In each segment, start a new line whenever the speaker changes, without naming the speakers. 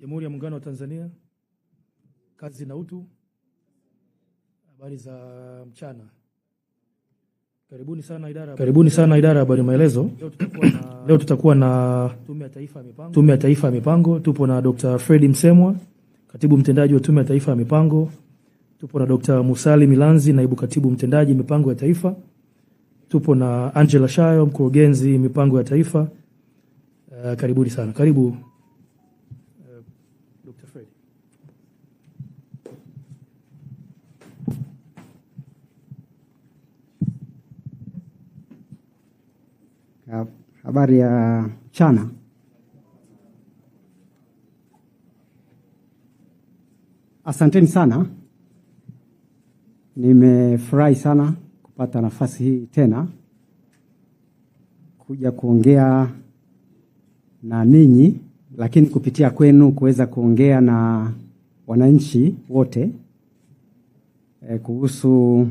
Jamhuri ya Muungano wa Tanzania, kazi na utu. Habari za mchana, karibuni sana idara,
karibuni sana idara ya habari maelezo. Leo tutakuwa na Tume ya Taifa ya Mipango. Tupo na Dr. Fredi Msemwa, katibu mtendaji wa Tume ya Taifa ya Mipango. Tupo na Dr. Musali Milanzi, naibu katibu mtendaji mipango ya taifa. Tupo na Angela Shayo, mkurugenzi mipango ya taifa. Uh, karibuni sana, karibu
habari ya mchana. Asanteni sana, nimefurahi sana kupata nafasi hii tena kuja kuongea na ninyi, lakini kupitia kwenu kuweza kuongea na wananchi wote eh, kuhusu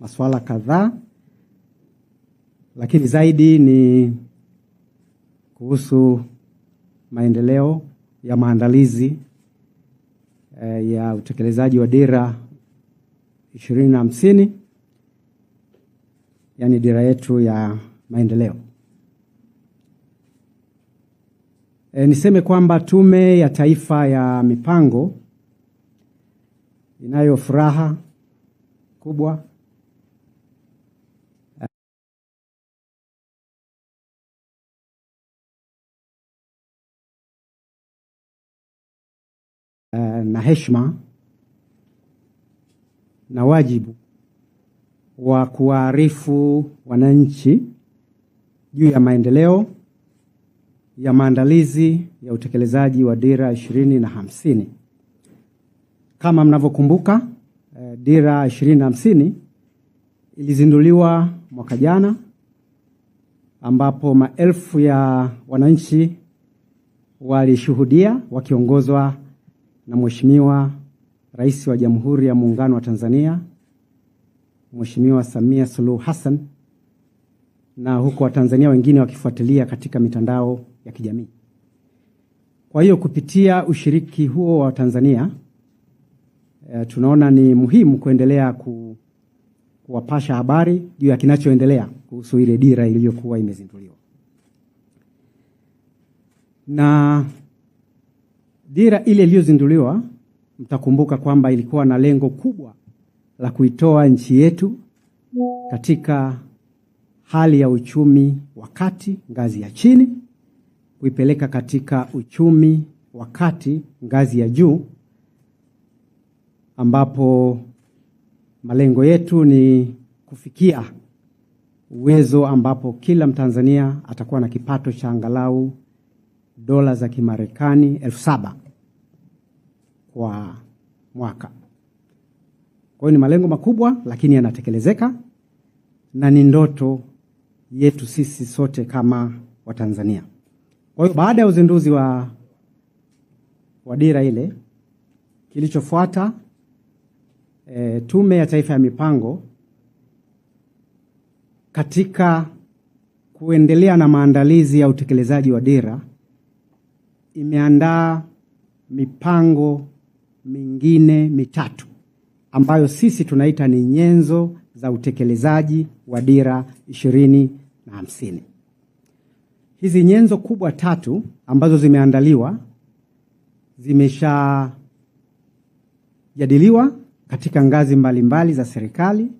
masuala kadhaa lakini zaidi ni kuhusu maendeleo ya maandalizi eh, ya utekelezaji wa dira ishirini na hamsini yaani dira yetu ya maendeleo. E, niseme kwamba Tume ya Taifa ya Mipango inayo furaha kubwa na heshima na wajibu wa kuwaarifu wananchi juu ya maendeleo ya maandalizi ya utekelezaji wa dira ishirini na hamsini. Kama mnavyokumbuka, eh, dira ishirini na hamsini ilizinduliwa mwaka jana, ambapo maelfu ya wananchi walishuhudia wakiongozwa na Mheshimiwa Rais wa Jamhuri ya Muungano wa Tanzania Mheshimiwa Samia Suluhu Hassan na huko Watanzania wengine wakifuatilia katika mitandao ya kijamii. Kwa hiyo kupitia ushiriki huo wa Tanzania e, tunaona ni muhimu kuendelea ku, kuwapasha habari juu ya kinachoendelea kuhusu ile dira iliyokuwa imezinduliwa na Dira ile iliyozinduliwa, mtakumbuka kwamba ilikuwa na lengo kubwa la kuitoa nchi yetu katika hali ya uchumi wa kati ngazi ya chini, kuipeleka katika uchumi wa kati ngazi ya juu, ambapo malengo yetu ni kufikia uwezo ambapo kila Mtanzania atakuwa na kipato cha angalau dola za Kimarekani elfu saba kwa mwaka. Kwa hiyo ni malengo makubwa, lakini yanatekelezeka na ni ndoto yetu sisi sote kama Watanzania. Kwa hiyo baada ya uzinduzi wa, wa dira ile, kilichofuata e, Tume ya Taifa ya Mipango katika kuendelea na maandalizi ya utekelezaji wa dira imeandaa mipango mingine mitatu ambayo sisi tunaita ni nyenzo za utekelezaji wa Dira ishirini na hamsini. Hizi nyenzo kubwa tatu ambazo zimeandaliwa zimeshajadiliwa katika ngazi mbalimbali za serikali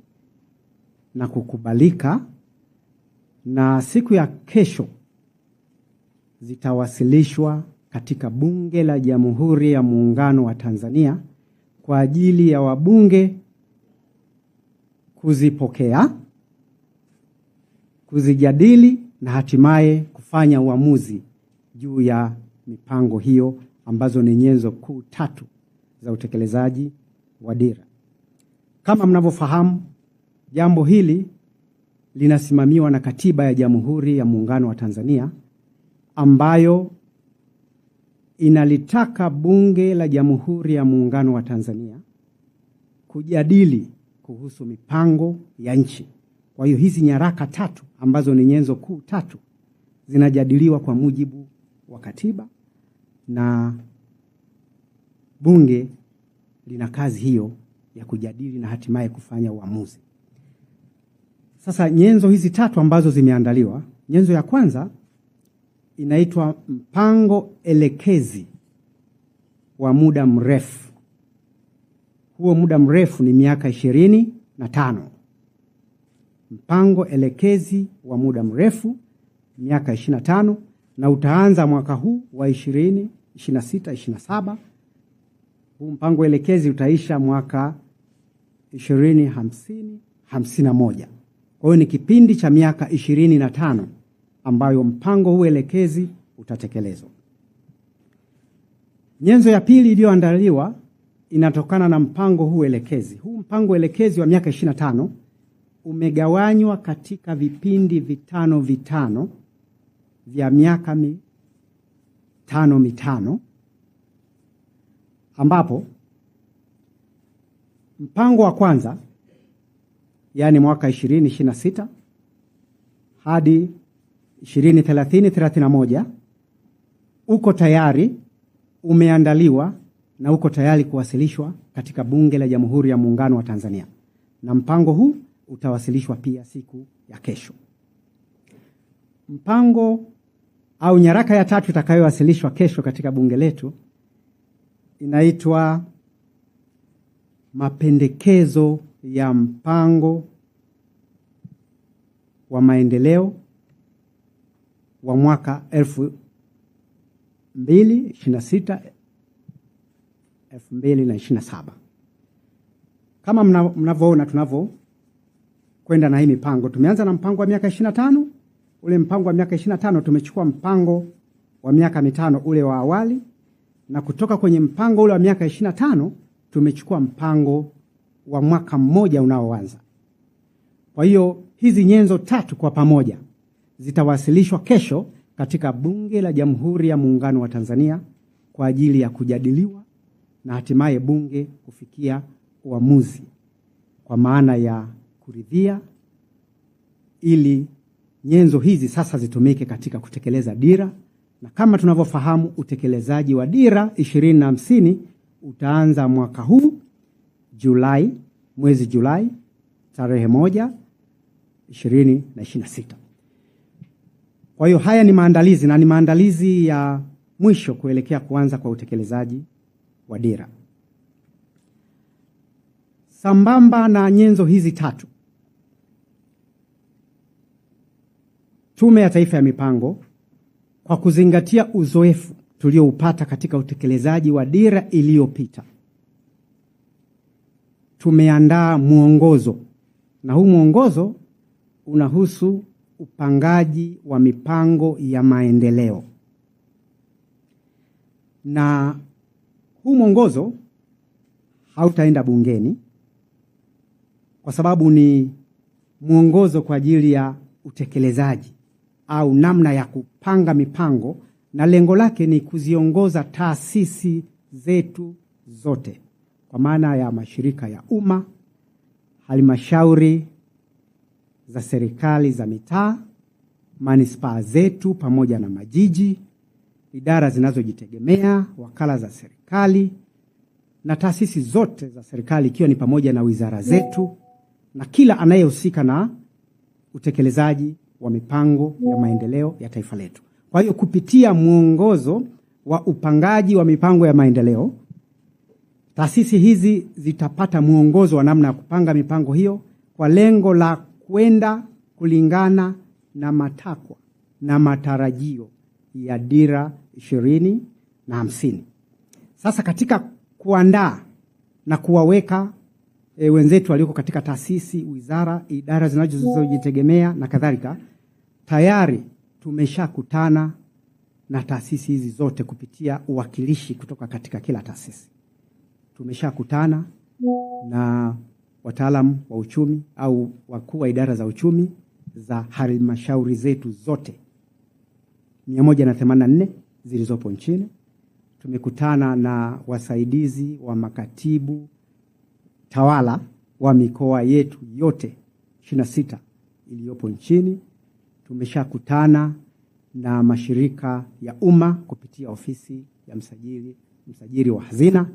na kukubalika, na siku ya kesho zitawasilishwa katika Bunge la Jamhuri ya Muungano wa Tanzania kwa ajili ya wabunge kuzipokea, kuzijadili na hatimaye kufanya uamuzi juu ya mipango hiyo ambazo ni nyenzo kuu tatu za utekelezaji wa dira. Kama mnavyofahamu, jambo hili linasimamiwa na Katiba ya Jamhuri ya Muungano wa Tanzania ambayo inalitaka Bunge la Jamhuri ya Muungano wa Tanzania kujadili kuhusu mipango ya nchi. Kwa hiyo hizi nyaraka tatu ambazo ni nyenzo kuu tatu zinajadiliwa kwa mujibu wa katiba na bunge lina kazi hiyo ya kujadili na hatimaye kufanya uamuzi. Sasa nyenzo hizi tatu ambazo zimeandaliwa, nyenzo ya kwanza inaitwa mpango elekezi wa muda mrefu. Huo muda mrefu ni miaka ishirini na tano. Mpango elekezi wa muda mrefu miaka ishirini na tano na utaanza mwaka huu wa ishirini ishirini na sita ishirini na saba. Huu mpango elekezi utaisha mwaka ishirini hamsini hamsini na moja. Kwa hiyo ni kipindi cha miaka ishirini na tano ambayo mpango huu elekezi utatekelezwa. Nyenzo ya pili iliyoandaliwa inatokana na mpango huu elekezi. Huu mpango elekezi wa miaka 25 umegawanywa katika vipindi vitano vitano vya miaka mitano mitano, ambapo mpango wa kwanza, yaani mwaka 2026 hadi ishirini uko tayari, umeandaliwa na uko tayari kuwasilishwa katika Bunge la Jamhuri ya Muungano wa Tanzania, na mpango huu utawasilishwa pia siku ya kesho. Mpango au nyaraka ya tatu itakayowasilishwa kesho katika bunge letu inaitwa mapendekezo ya mpango wa maendeleo wa mwaka 2026 2027. Kama mnavyoona tunavyokwenda na hii mipango, tumeanza na mpango wa miaka 25. ule mpango wa miaka 25 tumechukua mpango wa miaka mitano ule wa awali, na kutoka kwenye mpango ule wa miaka 25 tumechukua mpango wa mwaka mmoja unaoanza. Kwa hiyo hizi nyenzo tatu kwa pamoja zitawasilishwa kesho katika Bunge la Jamhuri ya Muungano wa Tanzania kwa ajili ya kujadiliwa na hatimaye bunge kufikia uamuzi kwa maana ya kuridhia, ili nyenzo hizi sasa zitumike katika kutekeleza dira, na kama tunavyofahamu utekelezaji wa dira 2050 utaanza mwaka huu Julai, mwezi Julai tarehe moja ishirini na kwa hiyo haya ni maandalizi na ni maandalizi ya mwisho kuelekea kuanza kwa utekelezaji wa dira. Sambamba na nyenzo hizi tatu, Tume ya Taifa ya Mipango kwa kuzingatia uzoefu tulioupata katika utekelezaji wa dira iliyopita, tumeandaa mwongozo na huu mwongozo unahusu upangaji wa mipango ya maendeleo. Na huu mwongozo hautaenda bungeni kwa sababu ni mwongozo kwa ajili ya utekelezaji au namna ya kupanga mipango, na lengo lake ni kuziongoza taasisi zetu zote kwa maana ya mashirika ya umma, halmashauri za serikali za mitaa, manispaa zetu pamoja na majiji, idara zinazojitegemea, wakala za serikali na taasisi zote za serikali ikiwa ni pamoja na wizara zetu na kila anayehusika na utekelezaji wa mipango ya maendeleo ya taifa letu. Kwa hiyo kupitia mwongozo wa upangaji wa mipango ya maendeleo, taasisi hizi zitapata mwongozo wa namna ya kupanga mipango hiyo kwa lengo la kwenda kulingana na matakwa na matarajio ya dira ishirini na hamsini. Sasa katika kuandaa na kuwaweka e, wenzetu walioko katika taasisi, wizara, idara zinazojitegemea na kadhalika, tayari tumeshakutana na taasisi hizi zote kupitia uwakilishi kutoka katika kila taasisi. Tumeshakutana na wataalam wa uchumi au wakuu wa idara za uchumi za halmashauri zetu zote 184 zilizopo nchini. Tumekutana na wasaidizi wa makatibu tawala wa mikoa yetu yote 26 iliyopo nchini. Tumeshakutana na mashirika ya umma kupitia ofisi ya msajili, msajili wa hazina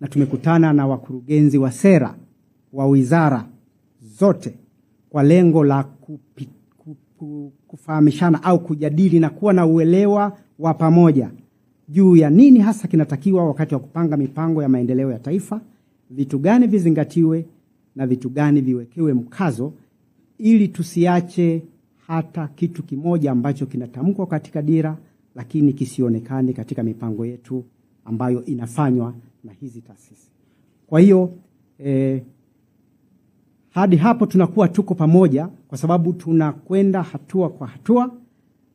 na tumekutana na wakurugenzi wa sera wa wizara zote kwa lengo la kupi, kupu, kufahamishana au kujadili na kuwa na uelewa wa pamoja juu ya nini hasa kinatakiwa wakati wa kupanga mipango ya maendeleo ya taifa, vitu gani vizingatiwe na vitu gani viwekewe mkazo, ili tusiache hata kitu kimoja ambacho kinatamkwa katika dira lakini kisionekane katika mipango yetu ambayo inafanywa na hizi taasisi. Kwa hiyo eh, hadi hapo tunakuwa tuko pamoja, kwa sababu tunakwenda hatua kwa hatua,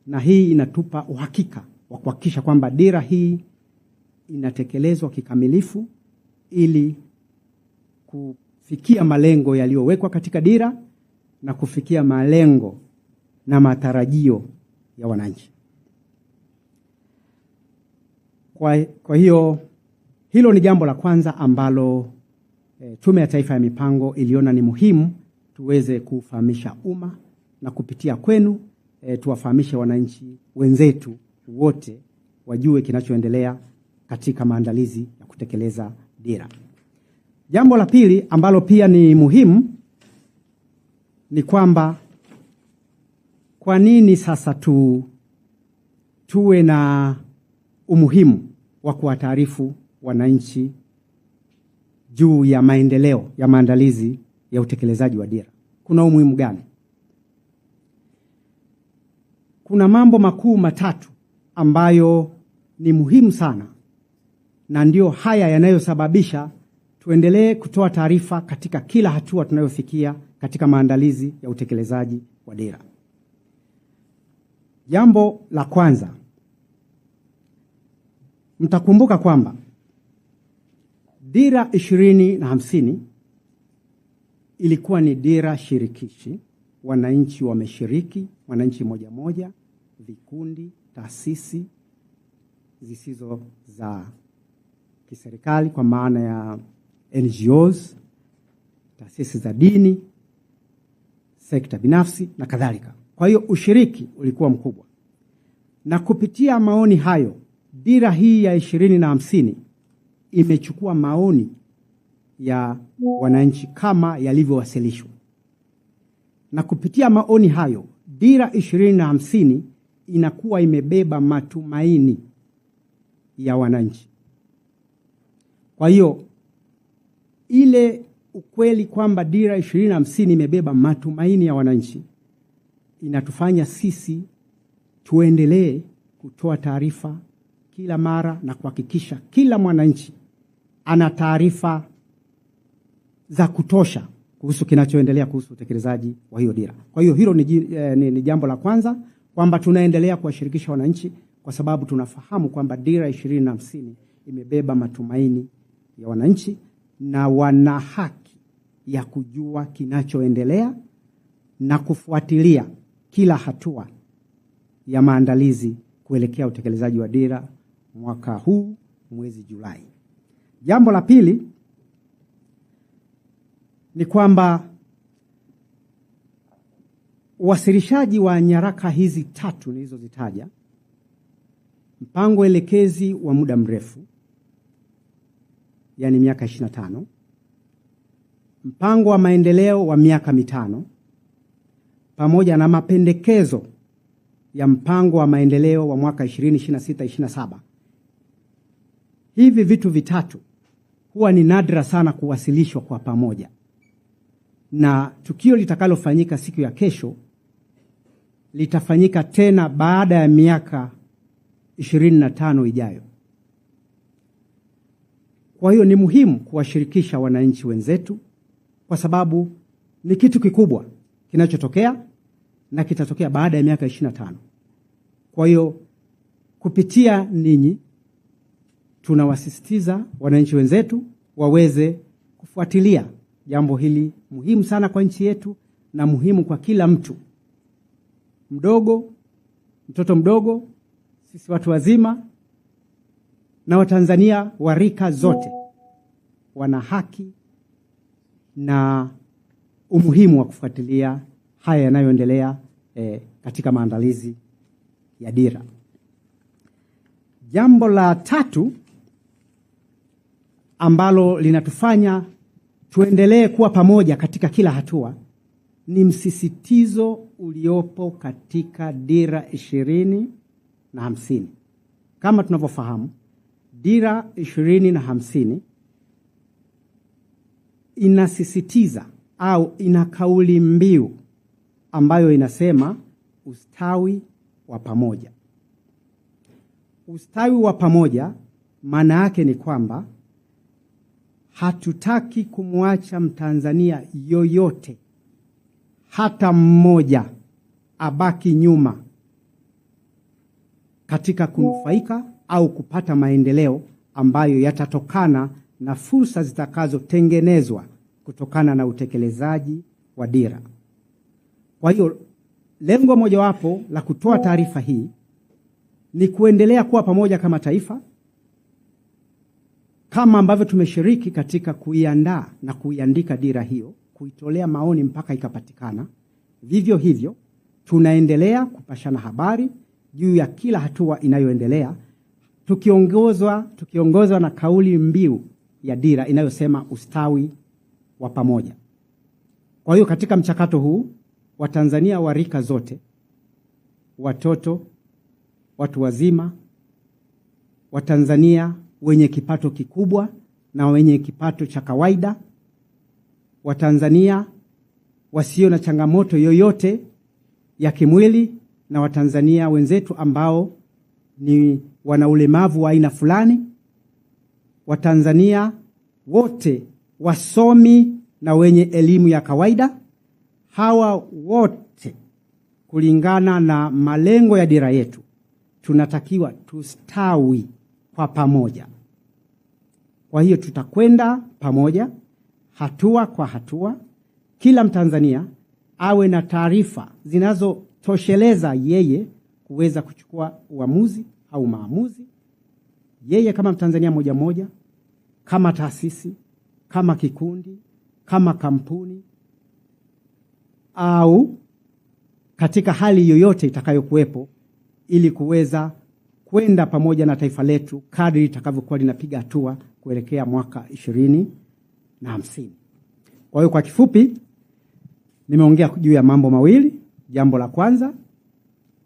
na hii inatupa uhakika wa kuhakikisha kwamba dira hii inatekelezwa kikamilifu ili kufikia malengo yaliyowekwa katika dira na kufikia malengo na matarajio ya wananchi. Kwa, kwa hiyo hilo ni jambo la kwanza ambalo e, Tume ya Taifa ya Mipango iliona ni muhimu tuweze kufahamisha umma na kupitia kwenu e, tuwafahamishe wananchi wenzetu wote wajue kinachoendelea katika maandalizi ya kutekeleza dira. Jambo la pili ambalo pia ni muhimu ni kwamba kwa nini sasa tu tuwe na umuhimu wa kuwataarifu wananchi juu ya maendeleo ya maandalizi ya utekelezaji wa dira. Kuna umuhimu gani? Kuna mambo makuu matatu ambayo ni muhimu sana na ndiyo haya yanayosababisha tuendelee kutoa taarifa katika kila hatua tunayofikia katika maandalizi ya utekelezaji wa dira. Jambo la kwanza, mtakumbuka kwamba Dira ishirini na hamsini ilikuwa ni dira shirikishi, wananchi wameshiriki, wananchi moja moja, vikundi, taasisi zisizo za kiserikali kwa maana ya NGOs, taasisi za dini, sekta binafsi na kadhalika. Kwa hiyo ushiriki ulikuwa mkubwa, na kupitia maoni hayo dira hii ya ishirini na hamsini imechukua maoni ya wananchi kama yalivyowasilishwa, na kupitia maoni hayo dira ishirini na hamsini inakuwa imebeba matumaini ya wananchi. Kwa hiyo ile ukweli kwamba dira ishirini na hamsini imebeba matumaini ya wananchi inatufanya sisi tuendelee kutoa taarifa kila mara na kuhakikisha kila mwananchi ana taarifa za kutosha kuhusu kinachoendelea kuhusu utekelezaji wa hiyo dira. Kwa hiyo hilo ni, eh, ni, ni jambo la kwanza kwamba tunaendelea kuwashirikisha wananchi kwa sababu tunafahamu kwamba dira ishirini na hamsini imebeba matumaini ya wananchi na wana haki ya kujua kinachoendelea na kufuatilia kila hatua ya maandalizi kuelekea utekelezaji wa dira mwaka huu mwezi Julai. Jambo la pili ni kwamba uwasilishaji wa nyaraka hizi tatu nilizozitaja, mpango elekezi wa muda mrefu, yaani miaka 25, mpango wa maendeleo wa miaka mitano, pamoja na mapendekezo ya mpango wa maendeleo wa mwaka 2026 27 Hivi vitu vitatu huwa ni nadra sana kuwasilishwa kwa pamoja, na tukio litakalofanyika siku ya kesho litafanyika tena baada ya miaka 25 na ijayo. Kwa hiyo ni muhimu kuwashirikisha wananchi wenzetu, kwa sababu ni kitu kikubwa kinachotokea na kitatokea baada ya miaka 25. Kwa hiyo kupitia ninyi tunawasisitiza wananchi wenzetu waweze kufuatilia jambo hili muhimu sana kwa nchi yetu na muhimu kwa kila mtu, mdogo, mtoto mdogo, sisi watu wazima na Watanzania wa rika zote wana haki na umuhimu wa kufuatilia haya yanayoendelea eh, katika maandalizi ya dira. Jambo la tatu ambalo linatufanya tuendelee kuwa pamoja katika kila hatua ni msisitizo uliopo katika dira ishirini na hamsini. Kama tunavyofahamu dira ishirini na hamsini inasisitiza au ina kauli mbiu ambayo inasema ustawi wa pamoja. Ustawi wa pamoja maana yake ni kwamba Hatutaki kumwacha Mtanzania yoyote hata mmoja abaki nyuma katika kunufaika au kupata maendeleo ambayo yatatokana na fursa zitakazotengenezwa kutokana na utekelezaji wa dira. Kwa hiyo lengo mojawapo la kutoa taarifa hii ni kuendelea kuwa pamoja kama taifa kama ambavyo tumeshiriki katika kuiandaa na kuiandika dira hiyo, kuitolea maoni mpaka ikapatikana, vivyo hivyo tunaendelea kupashana habari juu ya kila hatua inayoendelea, tukiongozwa tukiongozwa na kauli mbiu ya dira inayosema ustawi wa pamoja. Kwa hiyo katika mchakato huu Watanzania wa rika zote, watoto, watu wazima, Watanzania wenye kipato kikubwa na wenye kipato cha kawaida, Watanzania wasio na changamoto yoyote ya kimwili na Watanzania wenzetu ambao ni wana ulemavu wa aina fulani, Watanzania wote wasomi na wenye elimu ya kawaida, hawa wote kulingana na malengo ya dira yetu tunatakiwa tustawi kwa pamoja. Kwa hiyo tutakwenda pamoja hatua kwa hatua, kila Mtanzania awe na taarifa zinazotosheleza yeye kuweza kuchukua uamuzi au maamuzi, yeye kama Mtanzania moja moja, kama taasisi, kama kikundi, kama kampuni au katika hali yoyote itakayokuwepo ili kuweza kwenda pamoja na taifa letu kadri litakavyokuwa linapiga hatua kuelekea mwaka ishirini na hamsini. Kwa hiyo kwa kifupi, nimeongea juu ya mambo mawili. Jambo la kwanza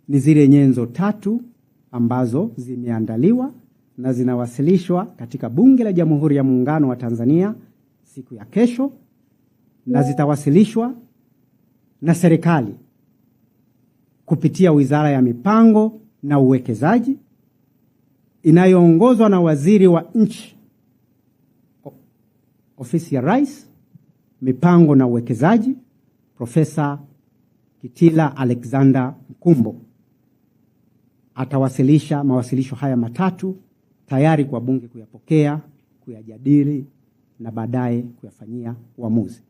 ni zile nyenzo tatu ambazo zimeandaliwa na zinawasilishwa katika Bunge la Jamhuri ya Muungano wa Tanzania siku ya kesho na zitawasilishwa na serikali kupitia Wizara ya Mipango na Uwekezaji inayoongozwa na waziri wa nchi, ofisi ya Rais, mipango na uwekezaji, Profesa Kitila Alexander Mkumbo atawasilisha mawasilisho haya matatu tayari kwa bunge kuyapokea, kuyajadili na baadaye kuyafanyia uamuzi.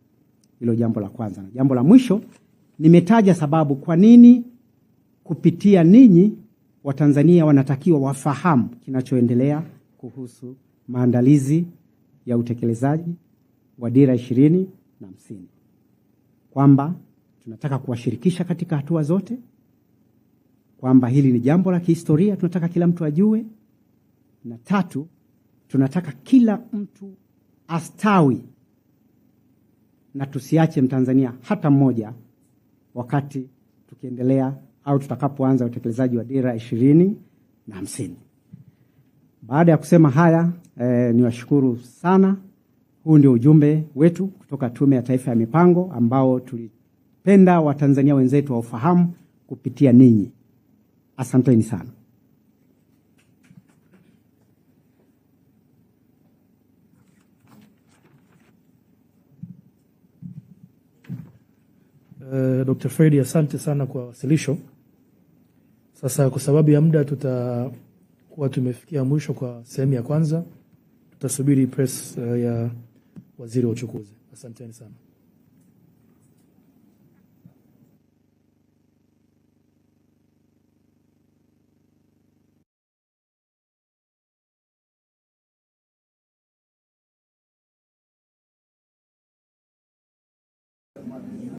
Hilo jambo la kwanza. Jambo la mwisho, nimetaja sababu kwa nini kupitia ninyi Watanzania wanatakiwa wafahamu kinachoendelea kuhusu maandalizi ya utekelezaji wa Dira ishirini na hamsini kwamba tunataka kuwashirikisha katika hatua zote, kwamba hili ni jambo la kihistoria, tunataka kila mtu ajue, na tatu, tunataka kila mtu astawi na tusiache Mtanzania hata mmoja wakati tukiendelea au tutakapoanza utekelezaji wa dira ishirini na hamsini. Baada ya kusema haya e, eh, niwashukuru sana. Huu ndio ujumbe wetu kutoka Tume ya Taifa ya Mipango ambao tulipenda Watanzania wenzetu waufahamu kupitia ninyi. Asanteni sana.
Eh, Dr. Fredi, asante sana kwa wasilisho. Sasa kwa sababu ya muda tutakuwa tumefikia mwisho kwa sehemu ya kwanza, tutasubiri press eh, ya waziri wa uchukuzi. Asanteni sana.